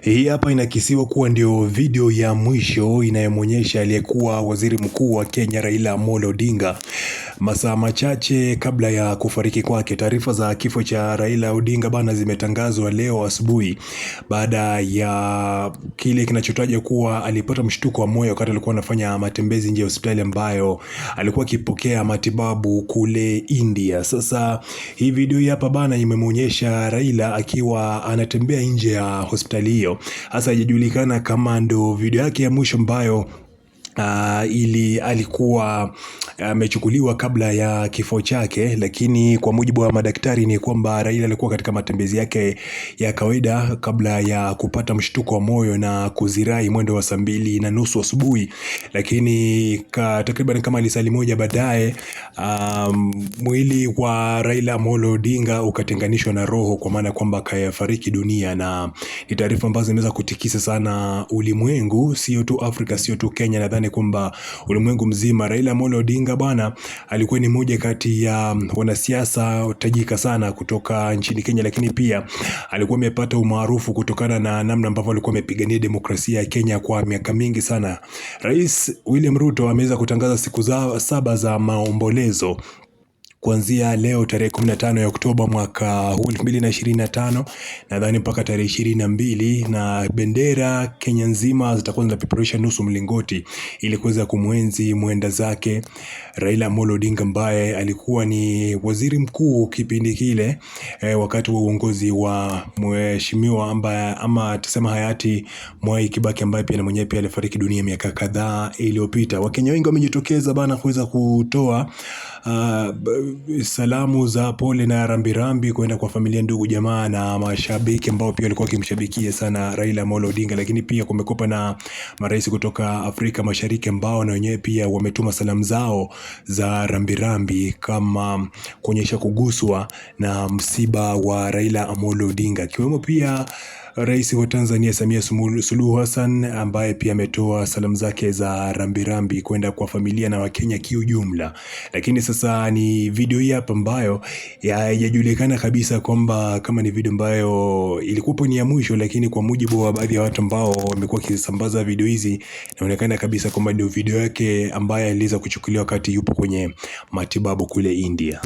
Hii hapa inakisiwa kuwa ndio video ya mwisho inayomwonyesha aliyekuwa waziri mkuu wa Kenya Raila Amolo Odinga Masaa machache kabla ya kufariki kwake, taarifa za kifo cha Raila Odinga bana zimetangazwa leo asubuhi baada ya kile kinachotajwa kuwa alipata mshtuko wa moyo wakati alikuwa anafanya matembezi nje ya hospitali ambayo alikuwa akipokea matibabu kule India. Sasa hii video hii hapa bana imemwonyesha Raila akiwa anatembea nje ya hospitali hiyo, hasa haijajulikana kama ndo video yake ya mwisho ambayo Ah, ili alikuwa amechukuliwa kabla ya kifo chake, lakini kwa mujibu wa madaktari ni kwamba Raila alikuwa katika matembezi yake ya kawaida kabla ya kupata mshtuko wa moyo na kuzirai mwendo wa saa mbili na nusu asubuhi, lakini ka, takriban kama lisali moja baadaye um, mwili wa Raila Amolo Odinga ukatenganishwa na roho, kwa maana kwamba kayafariki dunia, na ni taarifa ambazo zimeweza kutikisa sana ulimwengu, sio tu Afrika, sio tu Kenya nadhani Nadhani kwamba ulimwengu mzima Raila Amolo Odinga bwana alikuwa ni moja kati ya wanasiasa tajika sana kutoka nchini Kenya, lakini pia alikuwa amepata umaarufu kutokana na namna ambavyo alikuwa amepigania demokrasia ya Kenya kwa miaka mingi sana. Rais William Ruto ameweza kutangaza siku za saba za maombolezo kuanzia leo tarehe 15 ya Oktoba mwaka huu 2025 nadhani mpaka tarehe 22, na na bendera Kenya nzima zitakuwa zinapeperusha nusu mlingoti ili kuweza kumwenzi mwenda zake Raila Amolo Odinga ambaye alikuwa ni waziri mkuu kipindi kile e, wakati wa uongozi wa mheshimiwa ambaye ama tuseme hayati Mwai Kibaki ambaye pia na mwenyewe pia alifariki dunia miaka kadhaa iliyopita. Wakenya wengi wamejitokeza bana kuweza kutoa uh, salamu za pole na rambirambi kwenda kwa familia, ndugu, jamaa na mashabiki ambao pia walikuwa wakimshabikia sana Raila Amolo Odinga. Lakini pia kumekopa na marais kutoka Afrika Mashariki ambao na wenyewe pia wametuma salamu zao za rambirambi kama kuonyesha kuguswa na msiba wa Raila Amolo Odinga, akiwemo pia Rais wa Tanzania Samia Suluhu Hassan ambaye pia ametoa salamu zake za rambirambi kwenda kwa familia na Wakenya kiujumla. Lakini sasa ni video hii hapa ambayo haijajulikana kabisa kwamba kama ni video ambayo ilikuwa ni ya mwisho, lakini kwa mujibu wa baadhi ya watu ambao wamekuwa wakisambaza video hizi, inaonekana kabisa kwamba ndio video yake ambayo aliweza kuchukuliwa wakati yupo kwenye matibabu kule India.